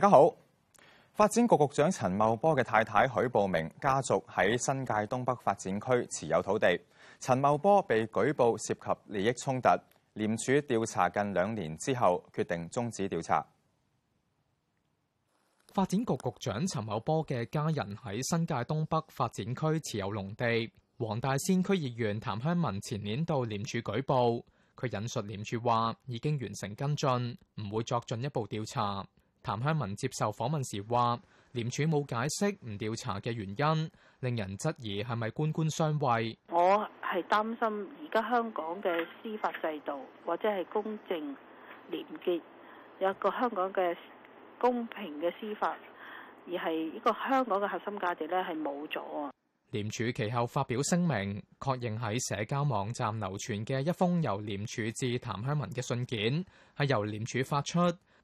大家好，發展局局長陳茂波嘅太太許步明家族喺新界東北發展區持有土地。陳茂波被舉報涉及利益衝突，廉署調查近兩年之後決定終止調查。發展局局長陳茂波嘅家人喺新界東北發展區持有農地。黃大仙區議員譚香文前年到廉署舉報，佢引述廉署話已經完成跟進，唔會作進一步調查。譚香文接受訪問時話，廉署冇解釋唔調查嘅原因，令人質疑係咪官官相衛？我係擔心而家香港嘅司法制度或者係公正廉潔，有一個香港嘅公平嘅司法，而係呢個香港嘅核心價值咧係冇咗啊！廉署其後發表聲明，確認喺社交網站流傳嘅一封由廉署致譚香文嘅信件，係由廉署發出。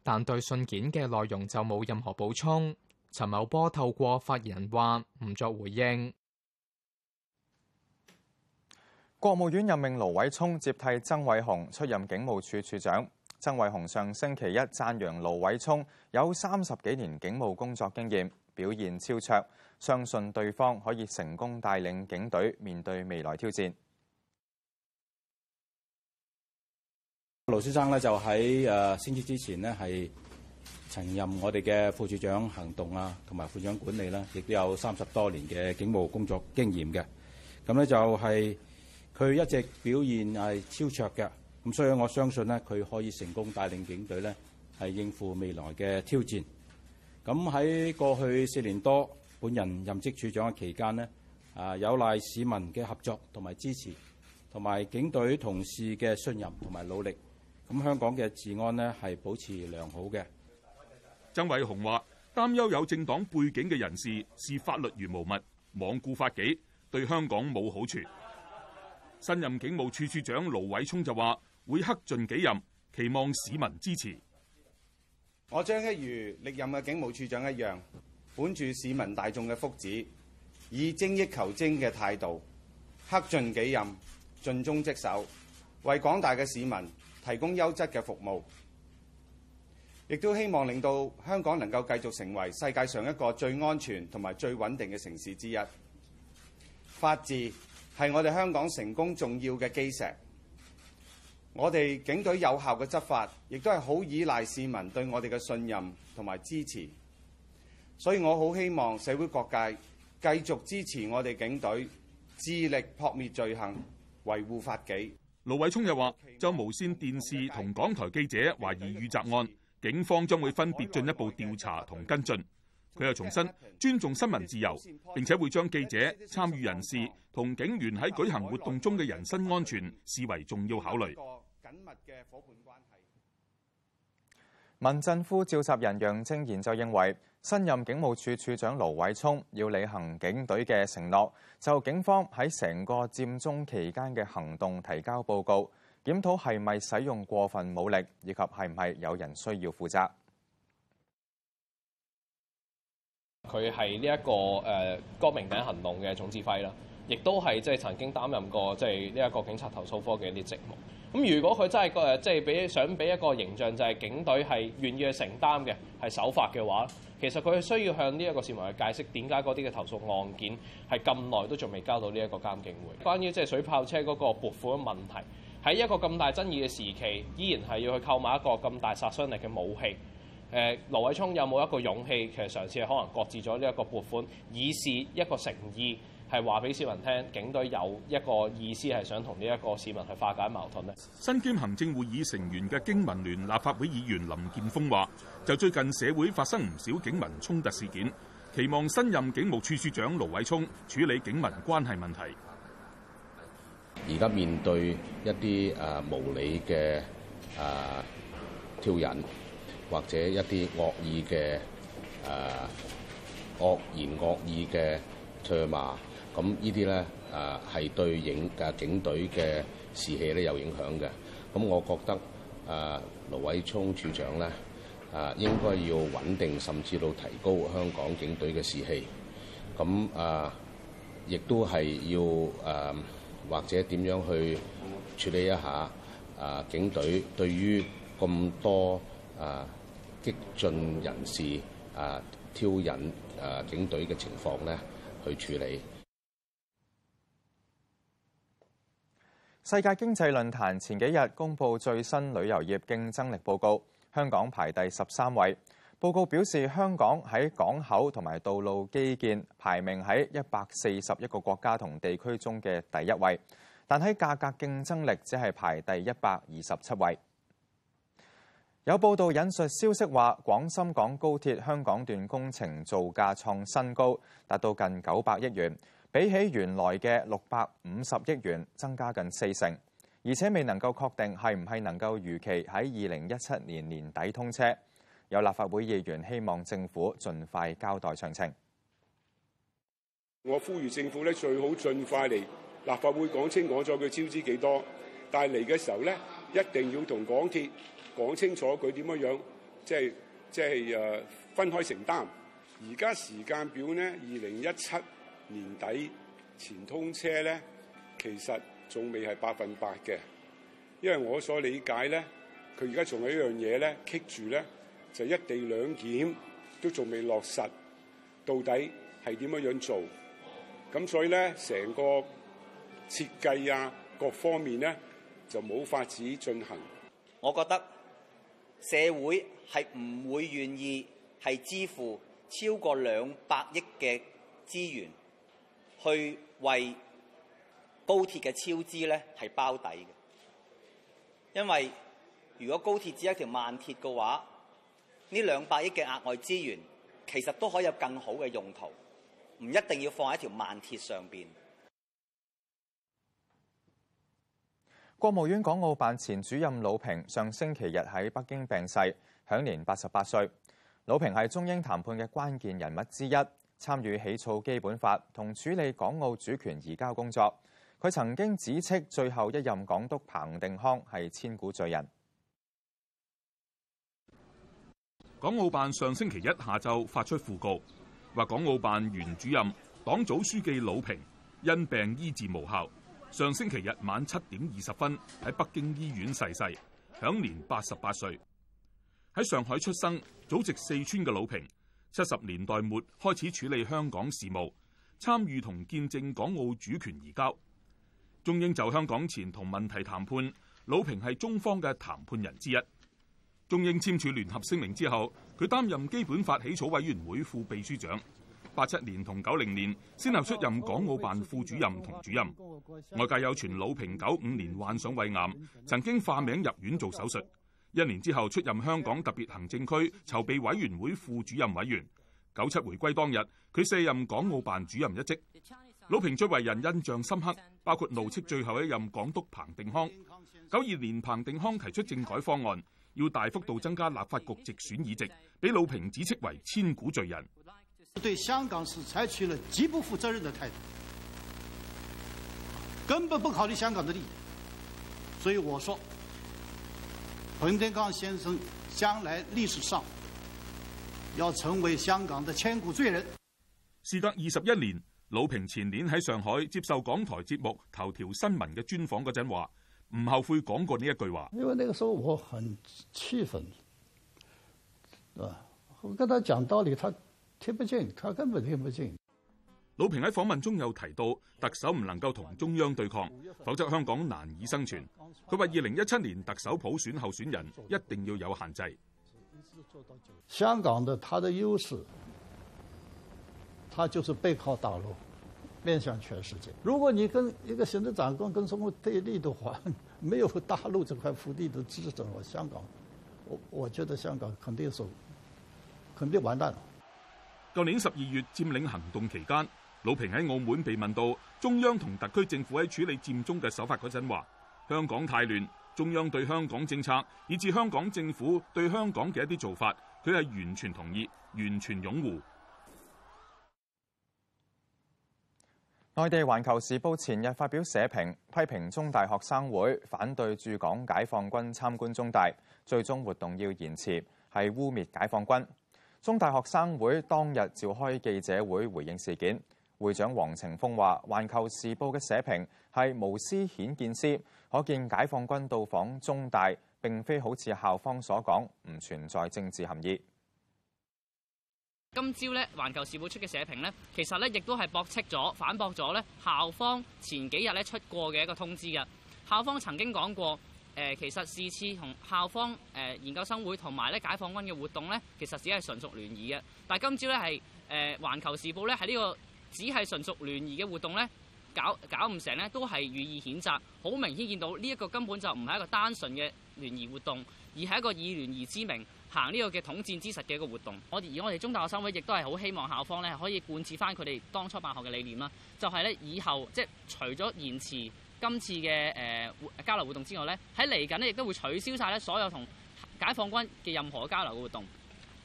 但對信件嘅內容就冇任何補充。陳茂波透過發言人話：唔作回應。國務院任命盧偉聰接替曾偉雄出任警務處處長。曾偉雄上星期一讚揚盧偉聰有三十幾年警務工作經驗，表現超卓，相信對方可以成功帶領警隊面對未來挑戰。盧先生呢，就喺誒升職之前呢，係曾任我哋嘅副處長行動啊，同埋副長管理啦，亦都有三十多年嘅警務工作經驗嘅。咁呢，就係佢一直表現係超卓嘅，咁所以我相信呢，佢可以成功帶領警隊呢，係應付未來嘅挑戰。咁喺過去四年多本人任職處長嘅期間呢，啊有賴市民嘅合作同埋支持，同埋警隊同事嘅信任同埋努力。咁香港嘅治安呢，係保持良好嘅。曾偉雄話擔憂有政黨背景嘅人士視法律如無物，罔顧法紀，對香港冇好處。新任警務處處長盧偉聰就話會克盡己任，期望市民支持。我將一如歷任嘅警務處長一樣，本住市民大眾嘅福祉，以精益求精嘅態度，克盡己任，盡忠職守，為廣大嘅市民。提供優質嘅服務，亦都希望令到香港能夠繼續成為世界上一個最安全同埋最穩定嘅城市之一。法治係我哋香港成功重要嘅基石。我哋警隊有效嘅執法，亦都係好依賴市民對我哋嘅信任同埋支持。所以我好希望社會各界繼續支持我哋警隊，致力撲滅罪行，維護法紀。盧偉聰又話，就無綫電視同港台記者懷疑遇襲案，警方將會分別進一步調查同跟進。佢又重申尊重新聞自由，並且會將記者參與人士同警員喺舉行活動中嘅人身安全視為重要考慮。緊密嘅伙伴關係。民陣副召集人楊政賢就認為。新任警務處處長盧偉聰要履行警隊嘅承諾，就警方喺成個佔中期間嘅行動提交報告，檢討係咪使用過分武力，以及係唔係有人需要負責。佢係呢一個誒，光明頂行動嘅總指揮啦。亦都係即係曾經擔任過即係呢一個警察投訴科嘅一啲職務。咁如果佢真係即係俾想俾一個形象，就係警隊係願意去承擔嘅係守法嘅話，其實佢需要向呢一個市民去解釋點解嗰啲嘅投訴案件係咁耐都仲未交到呢一個監警會。關於即係水炮車嗰個撥款問題，喺一個咁大爭議嘅時期，依然係要去購買一個咁大殺傷力嘅武器。誒、呃，盧偉聰有冇一個勇氣，其實嘗試可能擱置咗呢一個撥款，以示一個誠意？係話俾市民聽，警隊有一個意思係想同呢一個市民去化解矛盾咧。身兼行政會議成員嘅經民聯立法會議員林健鋒話：就最近社會發生唔少警民衝突事件，期望新任警務處處長盧偉聰處理警民關係問題。而家面對一啲誒無理嘅誒挑釁，或者一啲惡意嘅誒、啊、惡言惡意嘅唾罵。咁呢啲咧啊，係對警啊警隊嘅士氣咧有影響嘅。咁我覺得啊，盧偉聰處長咧啊，應該要穩定，甚至到提高香港警隊嘅士氣。咁啊，亦都係要啊，或者點樣去處理一下啊警隊對於咁多啊激進人士啊挑釁啊警隊嘅情況咧，去處理。世界經濟論壇前幾日公布最新旅遊業競爭力報告，香港排第十三位。報告表示，香港喺港口同埋道路基建排名喺一百四十一個國家同地區中嘅第一位，但喺價格競爭力只係排第一百二十七位。有報道引述消息話廣深港高鐵香港段工程造價創新高，達到近九百億元。比起原來嘅六百五十億元，增加近四成，而且未能夠確定係唔係能夠預期喺二零一七年年底通車。有立法會議員希望政府盡快交代詳情。我呼籲政府咧，最好盡快嚟立法會講清楚，咗佢招資幾多，但係嚟嘅時候咧，一定要同港鐵講清楚佢點樣樣，即係即係誒分開承擔。而家時間表呢，二零一七。年底前通車咧，其實仲未係百分百嘅。因為我所理解咧，佢而家仲有一樣嘢咧棘住咧，就一地兩檢都仲未落實，到底係點樣樣做咁，所以咧成個設計啊各方面咧就冇法子進行。我覺得社會係唔會願意係支付超過兩百億嘅資源。去為高鐵嘅超支咧係包底嘅，因為如果高鐵只係一條慢鐵嘅話，呢兩百億嘅額外資源其實都可以有更好嘅用途，唔一定要放喺條慢鐵上邊。國務院港澳辦前主任魯平上星期日喺北京病逝，享年八十八歲。魯平係中英談判嘅關鍵人物之一。參與起草基本法同處理港澳主權移交工作，佢曾經指斥最後一任港督彭定康係千古罪人。港澳辦上星期一下晝發出訃告，話港澳辦原主任、黨組書記魯平因病醫治無效，上星期日晚七點二十分喺北京醫院逝世，享年八十八歲。喺上海出生、祖籍四川嘅魯平。七十年代末開始處理香港事務，參與同見證港澳主權移交。中英就香港前途問題談判，魯平係中方嘅談判人之一。中英簽署聯合聲明之後，佢擔任基本法起草委員會副秘書長。八七年同九零年先後出任港澳辦副主任同主任。外界有傳魯平九五年患上胃癌，曾經化名入院做手術。一年之後出任香港特別行政區籌備委員會副主任委員。九七回歸當日，佢卸任港澳辦主任一職。魯平最為人印象深刻，包括怒斥最後一任港督彭定康。九二年，彭定康提出政改方案，要大幅度增加立法局直選議席，俾魯平指斥為千古罪人。對香港是採取了極不負責任的態度，根本不考慮香港的利益，所以我說，彭定康先生，將來歷史上要成為香港的千古罪人。事隔二十一年，魯平前年喺上海接受港台節目《頭條新聞》嘅專訪嗰陣話，唔後悔講過呢一句話。因為那個時候我很氣憤，我跟他講道理，他聽不進，他根本聽不進。魯平喺訪問中有提到，特首唔能夠同中央對抗，否則香港難以生存。佢話：二零一七年特首普選候選人一定要有限制。香港的它的優勢，它就是背靠大陸，面向全世界。如果你跟一個行政長官跟中國對立的話，沒有大陸這塊福地的支持，我香港，我我覺得香港肯定輸，肯定完蛋。舊年十二月佔領行動期間。魯平喺澳門被問到中央同特區政府喺處理佔中嘅手法嗰陣話，香港太亂，中央對香港政策，以至香港政府對香港嘅一啲做法，佢係完全同意，完全擁護。內地環球時報前日發表社評，批評中大學生會反對駐港解放軍參觀中大，最終活動要延遲，係污蔑解放軍。中大學生會當日召開記者會回應事件。會長黃晴峰話：環球時報嘅社評係無私顯見施，可見解放軍到訪中大並非好似校方所講唔存在政治含義。今朝咧，環球時報出嘅社評咧，其實咧亦都係駁斥咗、反駁咗咧校方前幾日咧出過嘅一個通知嘅。校方曾經講過，誒、呃、其實是次同校方誒、呃、研究生會同埋咧解放軍嘅活動咧，其實只係純屬聯誼嘅。但係今朝咧係誒環球時報咧喺呢、這個。只係純屬聯誼嘅活動呢，搞搞唔成呢都係予以譴責。好明顯見到呢一、這個根本就唔係一個單純嘅聯誼活動，而係一個以聯誼之名行呢個嘅統戰之實嘅一個活動。我哋而我哋中大學生會亦都係好希望校方呢可以貫徹翻佢哋當初辦學嘅理念啦。就係、是、呢以後即係除咗延遲今次嘅誒、呃、交流活動之外呢，喺嚟緊呢亦都會取消晒呢所有同解放軍嘅任何交流嘅活動。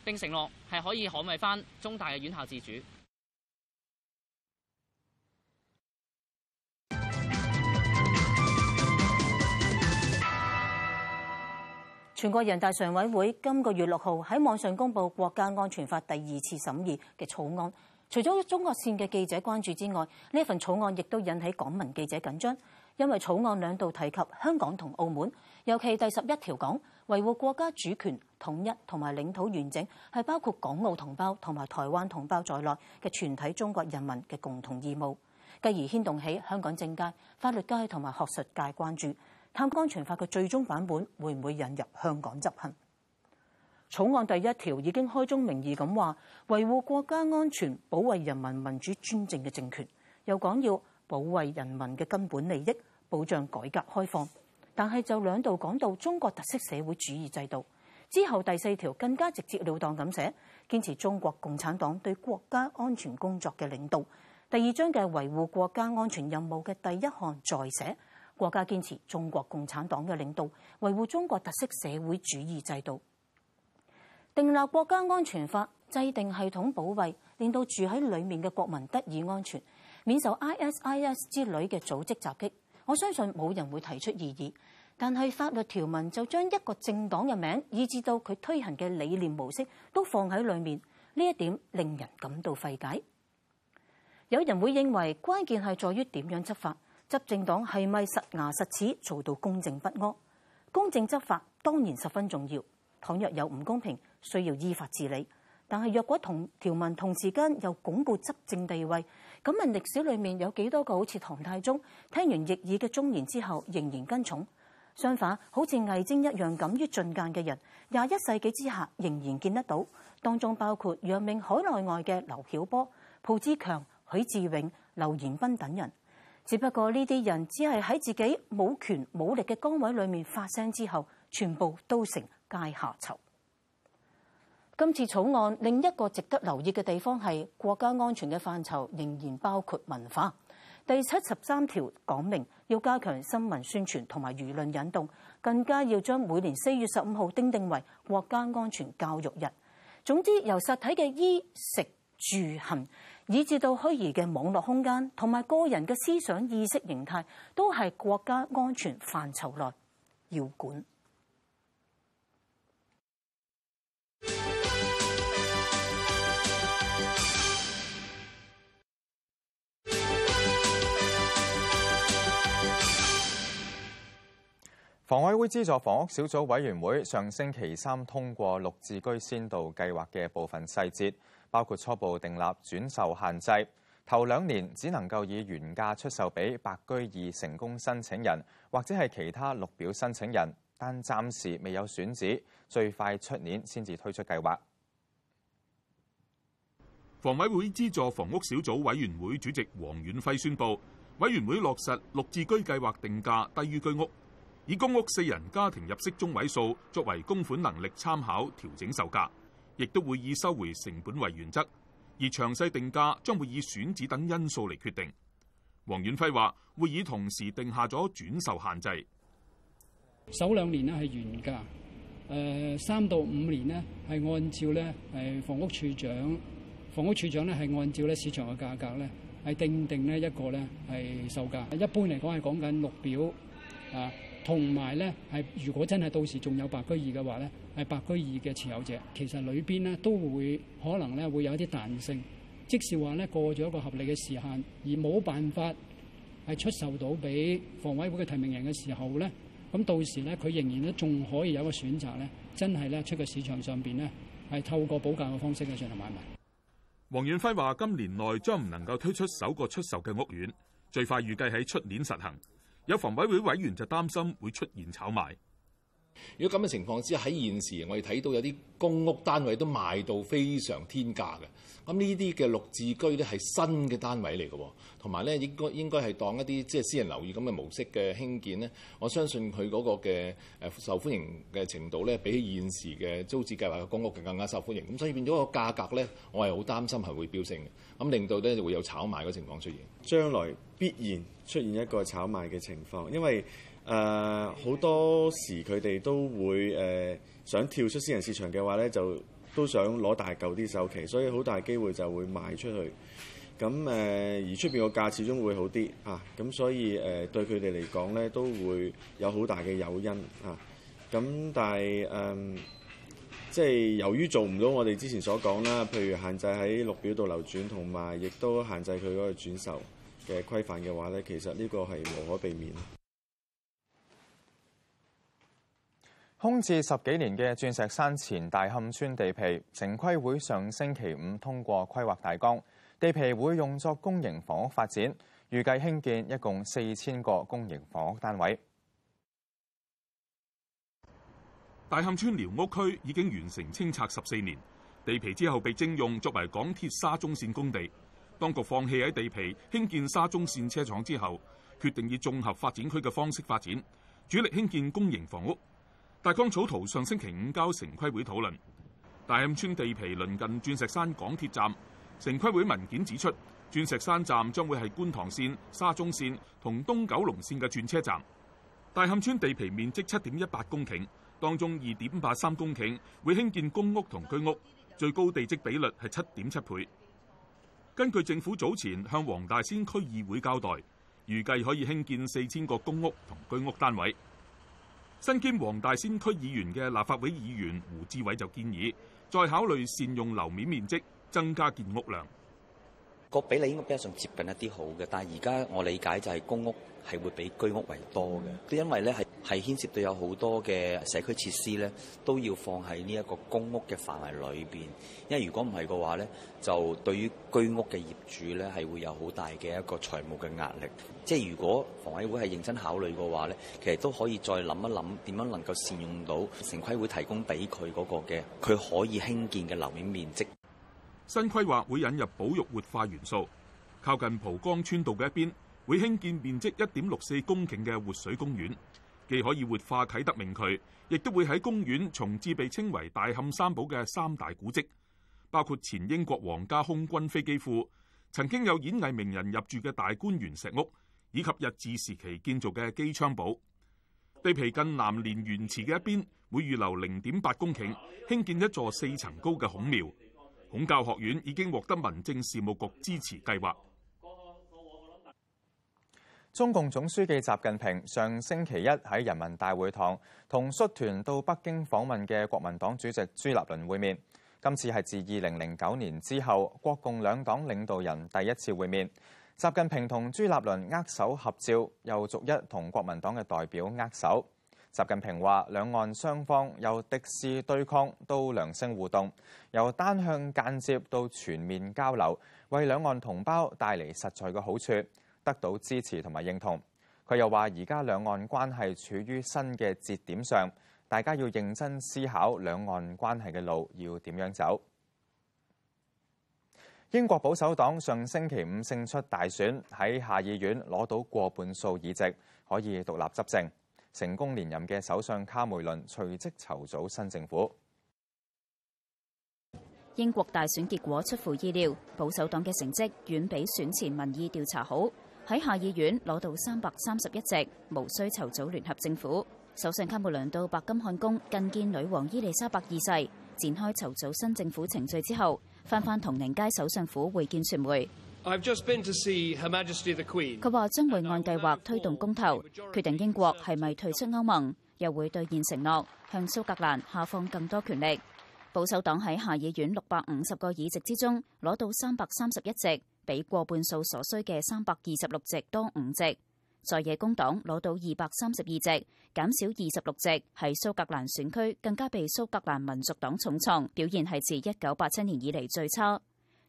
並承諾係可以捍衞翻中大嘅院校自主。全國人大常委會今個月六號喺網上公佈《國家安全法》第二次審議嘅草案，除咗中國線嘅記者關注之外，呢份草案亦都引起港民記者緊張，因為草案兩度提及香港同澳門，尤其第十一條講維護國家主權統一同埋領土完整係包括港澳同胞同埋台灣同胞在內嘅全體中國人民嘅共同義務，繼而牽動起香港政界、法律界同埋學術界關注。《國家安全法》嘅最終版本會唔會引入香港執行？草案第一條已經開宗明義咁話，維護國家安全，保衞人民民主專政嘅政權，又講要保衞人民嘅根本利益，保障改革開放。但係就兩度講到中國特色社會主義制度。之後第四條更加直截了當咁寫，堅持中國共產黨對國家安全工作嘅領導。第二章嘅維護國家安全任務嘅第一項再寫。國家堅持中國共產黨嘅領導，維護中國特色社會主義制度，訂立國家安全法，制定系統保衛，令到住喺裏面嘅國民得以安全，免受 IS、ISIS 之類嘅組織襲擊。我相信冇人會提出異議，但係法律條文就將一個政黨嘅名，以至到佢推行嘅理念模式，都放喺裏面，呢一點令人感到費解。有人會認為關鍵係在於點樣執法。執政黨係咪實牙實齒做到公正不阿？公正執法當然十分重要。倘若有唔公平，需要依法治理。但係若果同條文同時間又鞏固執政地位，咁問歷史裏面有幾多個好似唐太宗聽完逆耳嘅忠言之後仍然跟從？相反，好似魏徵一樣敢於進諫嘅人，廿一世紀之下仍然見得到。當中包括揚名海內外嘅劉曉波、蒲志強、許志永、劉延斌等人。只不過呢啲人只係喺自己冇權冇力嘅崗位裏面發聲之後，全部都成階下囚。今次草案另一個值得留意嘅地方係國家安全嘅範疇仍然包括文化。第七十三條講明要加強新聞宣傳同埋輿論引動，更加要將每年四月十五號訂定為國家安全教育日。總之，由實體嘅衣食住行。以至到虛擬嘅網絡空間同埋個人嘅思想意識形態，都係國家安全範疇內要管。房委會資助房屋小組委員會上星期三通過綠置居先導計劃嘅部分細節。包括初步訂立轉售限制，頭兩年只能夠以原價出售俾白居二成功申請人，或者係其他綠表申請人，但暫時未有選址，最快出年先至推出計劃。房委會資助房屋小組委員會主席黃遠輝宣布，委員會落實綠置居計劃定價低於居屋，以公屋四人家庭入息中位數作為供款能力參考調整售價。亦都會以收回成本為原則，而詳細定價將會以選址等因素嚟決定。黃遠輝話：會以同時定下咗轉售限制。首兩年咧係原價，誒、呃、三到五年咧係按照咧誒房屋署長，房屋署長咧係按照咧市場嘅價格咧係定定咧一個咧係售價。一般嚟講係講緊綠表啊。同埋咧，係如果真係到時仲有白居二嘅話，咧，係白居二嘅持有者，其實裏邊咧都會可能咧會有啲彈性，即是話咧過咗一個合理嘅時限，而冇辦法係出售到俾房委會嘅提名人嘅時候咧，咁到時咧佢仍然咧仲可以有個選擇，擇咧，真係咧出個市場上邊咧係透過補價嘅方式嘅進行買賣。黃遠輝話，今年內將唔能夠推出首個出售嘅屋苑，最快預計喺出年實行。有房委會委員就擔心會出現炒賣，如果咁嘅情況之下，喺現時我哋睇到有啲公屋單位都賣到非常天價嘅。咁呢啲嘅綠置居咧係新嘅單位嚟嘅，同埋咧應該應該係當一啲即係私人樓宇，咁嘅模式嘅興建咧。我相信佢嗰個嘅誒受歡迎嘅程度咧，比起現時嘅租置計劃嘅公屋更加受歡迎。咁所以變咗個價格咧，我係好擔心係會飆升嘅，咁令到咧就會有炒賣嘅情況出現，將來。必然出現一個炒賣嘅情況，因為誒好、呃、多時佢哋都會誒、呃、想跳出私人市場嘅話呢就都想攞大嚿啲首期，所以好大機會就會賣出去。咁誒、呃、而出面個價始終會好啲啊！咁所以誒、呃、對佢哋嚟講呢，都會有好大嘅誘因啊！咁但係誒即係由於做唔到我哋之前所講啦，譬如限制喺綠表度流轉，同埋亦都限制佢嗰個轉售。嘅規範嘅話咧，其實呢個係無可避免。空置十幾年嘅鑽石山前大磡村地皮，城規會上星期五通過規劃大綱，地皮會用作公營房屋發展，預計興建一共四千個公營房屋單位。大磡村寮屋區已經完成清拆十四年，地皮之後被徵用作為港鐵沙中線工地。當局放棄喺地皮興建沙中線車廠之後，決定以綜合發展區嘅方式發展，主力興建公營房屋。大綱草圖上星期五交城規會討論。大磡村地皮鄰近鑽石山港鐵站，城規會文件指出，鑽石山站將會係觀塘線、沙中線同東九龍線嘅轉車站。大磡村地皮面積七點一八公頃，當中二點八三公頃會興建公屋同居屋，最高地積比率係七點七倍。根據政府早前向黃大仙區議會交代，預計可以興建四千個公屋同居屋單位。身兼黃大仙區議員嘅立法會議員胡志偉就建議，再考慮善用樓面面積，增加建屋量。個比例應該比較上接近一啲好嘅，但係而家我理解就係公屋係會比居屋為多嘅，都因為咧係。係牽涉到有好多嘅社區設施咧，都要放喺呢一個公屋嘅範圍裏邊。因為如果唔係嘅話咧，就對於居屋嘅業主咧係會有好大嘅一個財務嘅壓力。即係如果房委會係認真考慮嘅話咧，其實都可以再諗一諗點樣能夠善用到城規會提供俾佢嗰個嘅佢可以興建嘅樓面面積。新規劃會引入保育活化元素，靠近蒲江村道嘅一邊會興建面積一點六四公頃嘅活水公園。既可以活化啟德明渠，亦都會喺公園重置被稱為大磡三寶嘅三大古蹟，包括前英國皇家空軍飛機庫、曾經有演藝名人入住嘅大觀園石屋，以及日治時期建造嘅機槍堡。地皮近南蓮園池嘅一邊，會預留零點八公頃興建一座四層高嘅孔廟。孔教學院已經獲得民政事務局支持計劃。中共總書記習近平上星期一喺人民大會堂，同率團到北京訪問嘅國民黨主席朱立倫會面。今次係自2009年之後，國共兩黨領導人第一次會面。習近平同朱立倫握手合照，又逐一同國民黨嘅代表握手。習近平話，兩岸雙方由敵視對抗到良性互動，由單向間接到全面交流，為兩岸同胞帶嚟實在嘅好處。得到支持同埋認同。佢又話：而家兩岸關係處於新嘅節點上，大家要認真思考兩岸關係嘅路要點樣走。英國保守黨上星期五勝出大選，喺下議院攞到過半數議席，可以獨立執政。成功連任嘅首相卡梅倫隨即籌組新政府。英國大選結果出乎意料，保守黨嘅成績遠比選前民意調查好。喺下議院攞到三百三十一席，無需籌組聯合政府。首相卡梅倫到白金漢宮覲見女王伊麗莎白二世，展開籌組新政府程序之後，翻返唐寧街首相府會見傳媒。I've just been to see Her Majesty the Queen。佢話將會按計劃推動公投，決定英國係咪退出歐盟，又會兌現承諾向蘇格蘭下放更多權力。保守黨喺下議院六百五十個議席之中攞到三百三十一席。比過半數所需嘅三百二十六席多五席，在野工黨攞到二百三十二席，減少二十六席。喺蘇格蘭選區更加被蘇格蘭民族黨重創，表現係自一九八七年以嚟最差。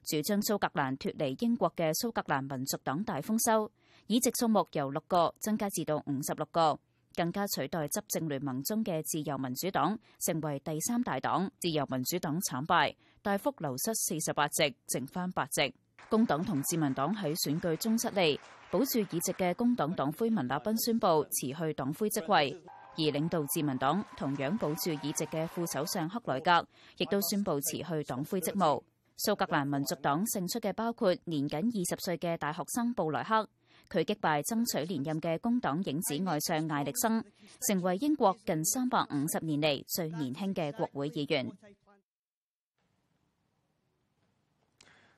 主張蘇格蘭脫離英國嘅蘇格蘭民族黨大豐收，議席數目由六個增加至到五十六個，更加取代執政聯盟中嘅自由民主黨成為第三大黨。自由民主黨慘敗，大幅流失四十八席，剩翻八席。工黨同自民黨喺選舉中失利，保住議席嘅工黨黨魁文立斌宣布辭去黨魁職位，而領導自民黨同樣保住議席嘅副首相克萊格，亦都宣布辭去黨魁職務。蘇格蘭民族黨勝出嘅包括年僅二十歲嘅大學生布萊克，佢擊敗爭取連任嘅工黨影子外相艾力生，成為英國近三百五十年嚟最年輕嘅國會議員。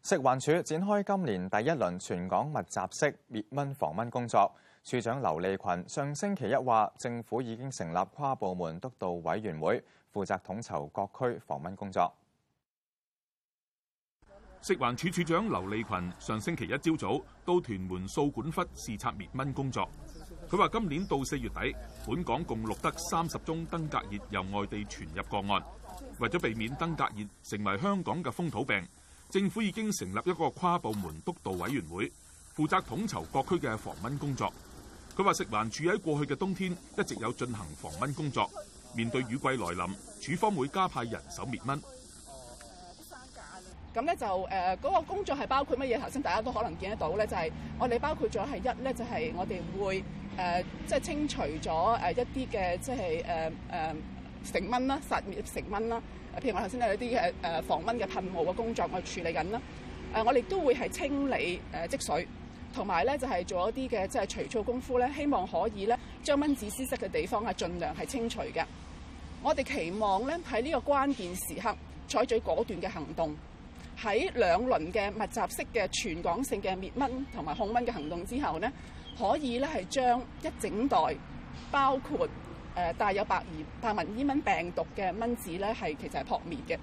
食環署展開今年第一輪全港密集式滅蚊防蚊工作。署長劉利群上星期一話，政府已經成立跨部門督導委員會，負責統籌各區防蚊工作。食環署署署長劉利群上星期一朝早到屯門掃管笏視察滅蚊工作。佢話今年到四月底，本港共錄得三十宗登革熱由外地傳入個案，為咗避免登革熱成為香港嘅風土病。政府已經成立一個跨部門督導委員會，負責統籌各區嘅防蚊工作。佢話食環署喺過去嘅冬天一直有進行防蚊工作，面對雨季來臨，處方會加派人手滅蚊。咁咧就誒嗰、呃那個工作係包括乜嘢？頭先大家都可能見得到咧，就係、是、我哋包括咗係一咧就係、是、我哋會誒即係清除咗誒一啲嘅即係誒誒成蚊啦，殺滅成蚊啦。譬如我頭先咧有啲嘅誒防蚊嘅噴霧嘅工作我處理緊啦，誒我哋都會係清理誒積水，同埋咧就係做一啲嘅即係除草功夫咧，希望可以咧將蚊子孳生嘅地方係儘量係清除嘅。我哋期望咧喺呢個關鍵時刻採取果斷嘅行動，喺兩輪嘅密集式嘅全港性嘅滅蚊同埋控蚊嘅行動之後咧，可以咧係將一整袋包括。誒帶、呃、有白二百紋伊蚊病毒嘅蚊子咧，係其實係撲滅嘅，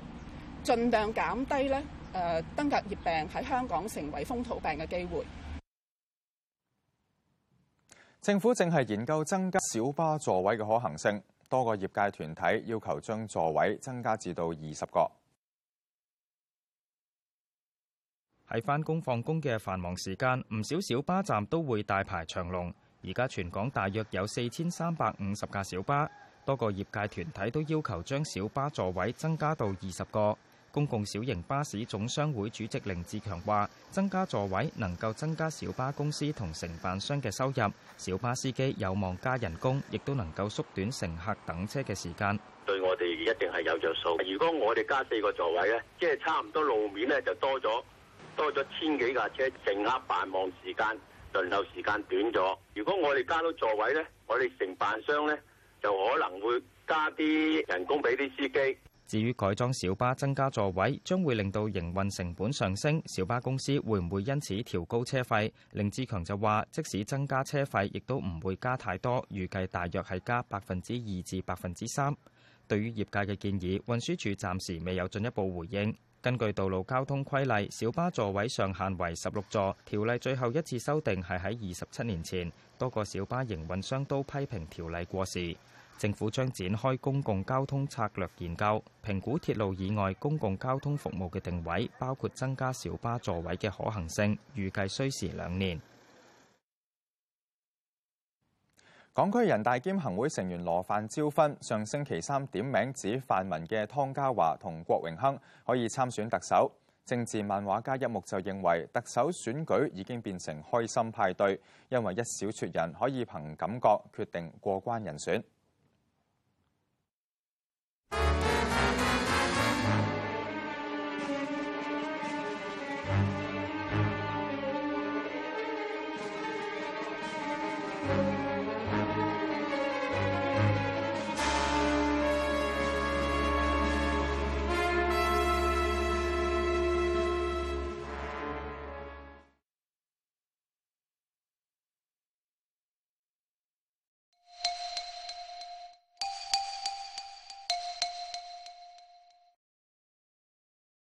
盡量減低咧誒、呃、登革熱病喺香港成為風土病嘅機會。政府正係研究增加小巴座位嘅可行性，多個業界團體要求將座位增加至到二十個。喺翻工放工嘅繁忙時間，唔少小巴站都會大排長龍。而家全港大約有四千三百五十架小巴，多個業界團體都要求將小巴座位增加到二十個。公共小型巴士總商會主席凌志強話：增加座位能夠增加小巴公司同承辦商嘅收入，小巴司機有望加人工，亦都能夠縮短乘客等車嘅時間。對我哋一定係有著數。如果我哋加四個座位呢，即係差唔多路面呢就多咗多咗千幾架車，剩額繁忙時間。輪候時間短咗，如果我哋加到座位呢，我哋承辦商呢，就可能會加啲人工俾啲司機。至於改裝小巴增加座位，將會令到營運成本上升，小巴公司會唔會因此調高車費？凌志強就話，即使增加車費，亦都唔會加太多，預計大約係加百分之二至百分之三。對於業界嘅建議，運輸署暫時未有進一步回應。根據道路交通規例，小巴座位上限為十六座。條例最後一次修訂係喺二十七年前，多個小巴營運商都批評條例過時。政府將展開公共交通策略研究，評估鐵路以外公共交通服務嘅定位，包括增加小巴座位嘅可行性，預計需時兩年。港區人大兼行會成員羅范椒芬上星期三點名指泛民嘅湯家驊同郭榮鏗可以參選特首。政治漫畫家一目就認為，特首選舉已經變成開心派對，因為一小撮人可以憑感覺決定過關人選。